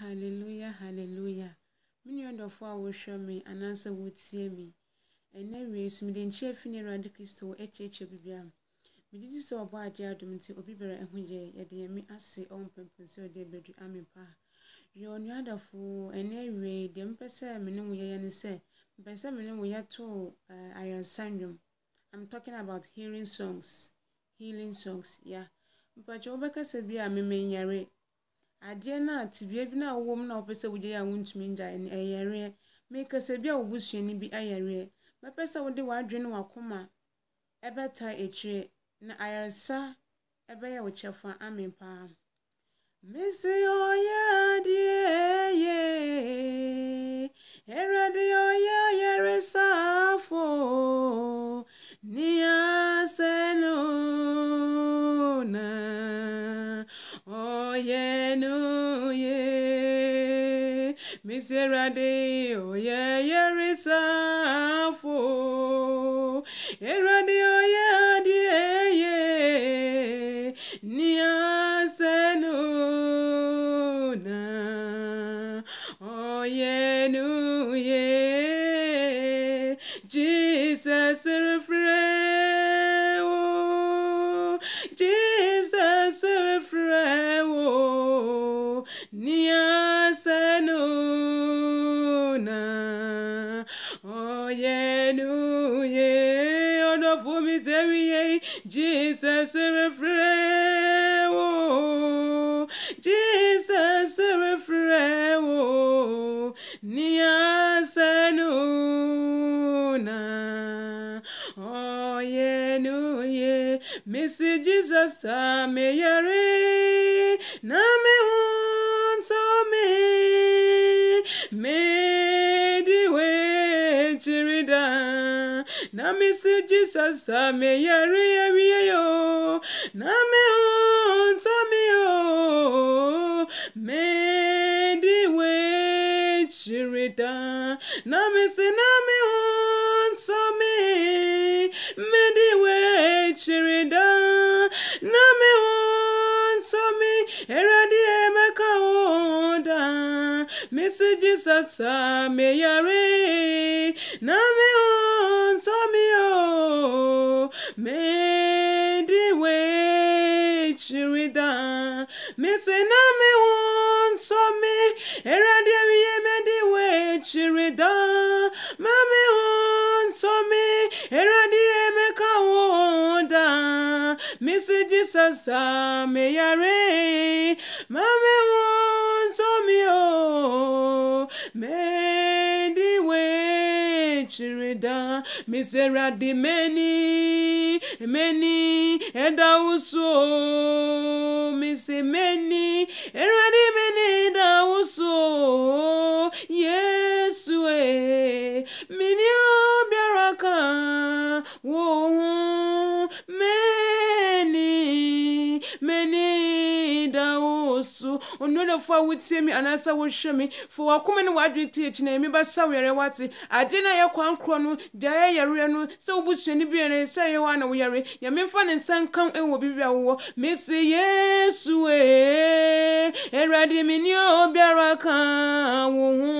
hallelujah hallelujah me nuadɔfo a wɔhwɛ me anaasɛ wɔtie me ɛnɛ wie oh, so mede nkyia fi ne awurade kristo akyiakyia bibia m mede gye sɛ ɔbɔ ade adom nti obi bɛrɛ ho yɛ yɛde yɛme ase ɔmpempem sɛ ɔde abɛdu ame paa yɛ ɔnuadɔfo ɛnɛ wie deɛ mpɛ sɛ me ne wo yɛyɛ ne sɛ mpɛ sɛ me ne wo yɛto ayaresa nnwom i'm talking about hearing songs healing songs ya yeah. mpakyɛ wobɛkasa bi a memɛnyare adeɛ no a tibia bi no a mu na wopɛ sɛ wogye yɛ a wontumi ngya ɛyɛreɛ mekasa bi a wobusuani bi ayɛreɛ mɛpɛ sɛ wode w'adwene w'akoma ɛbɛta akyire na ayaresa ɛbɛyɛ ya kyɛfa amen paa mese ɔyɛ adeɛ ye ɔyɛ ne asɛ Miserade oye yerisafo Erade oye adieye Niasenu na oye nuye Jesus refrewo Jesus refrewo Ni o miserie, Jesus refrain, oh, Jesus refrain, oh, nia sanuna, oh yeah, no yeah, Missy Jesus, I'm a na me want me, me way to chirida na me say jesus me yare yare yo na me on to me o me di we chirita na me say na me on to me messages asa me yare na me on to me o me di we chirida me se na me on to me era de we me di we chirida ma me on to me era di me ka o da messages asa me yare ma me on many way chirida misera di many many eda uso mise many era di many eda uso yesu e mini obiara kan wo many many wo so onuadɔfo a wotie mi anaasɛ wohwɛ me fo wakoma ne w'adwene tie akyi na ɛmi bɛsa wo yɛre wate ade no a yɛkwan korɔ no deɛ ɛyɛ yɛreɛ no sɛ wobusuani bi yɛre sɛ ɛyɛ wo a na woyɛre nyame mfa ne nsa nkam ɛwɔ biribi a wowɔ mese yesu ee Awurade menni obiara ka wo ho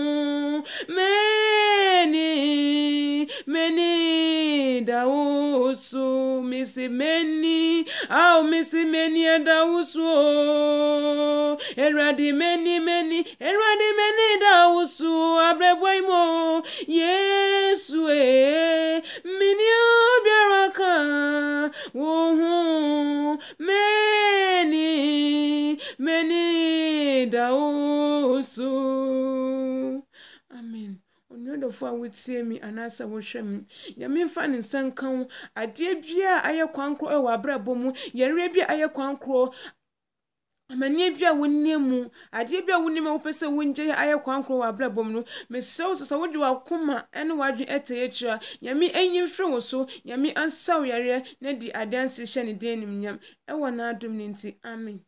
meni meni da wo so mesi meni ao mesi meni ada wo so Awurade meni meni Awurade meni da wo so abrɛbɔ yi mo Yesu e menni obiara ka wo ho meni meni usu amen onuadɔfoɔ a wotie mi anaasɛ wohwɛ me nyame mfa ne nsa nka wo adeɛ bia a ayɛ kwan korɔ ɛwɔ abrɛbɔ mu yɛreɛ bi ayɛ kwan korɔ amanneɛ bi a wonnie mu adeɛ bi a wonim a wopɛ sɛ wongye ayɛ kwan korɔ wɔ abrɛbɔ mu no mesrɛ wo so sɛ wode wakoma ne w'adwene ɛtɛyɛ akyiri a nyame ɛnyi mfiri wo so nyame ansaw yareɛ na di adanse hyɛ ne dan nimnyam ɛwɔ n'adom no nti amen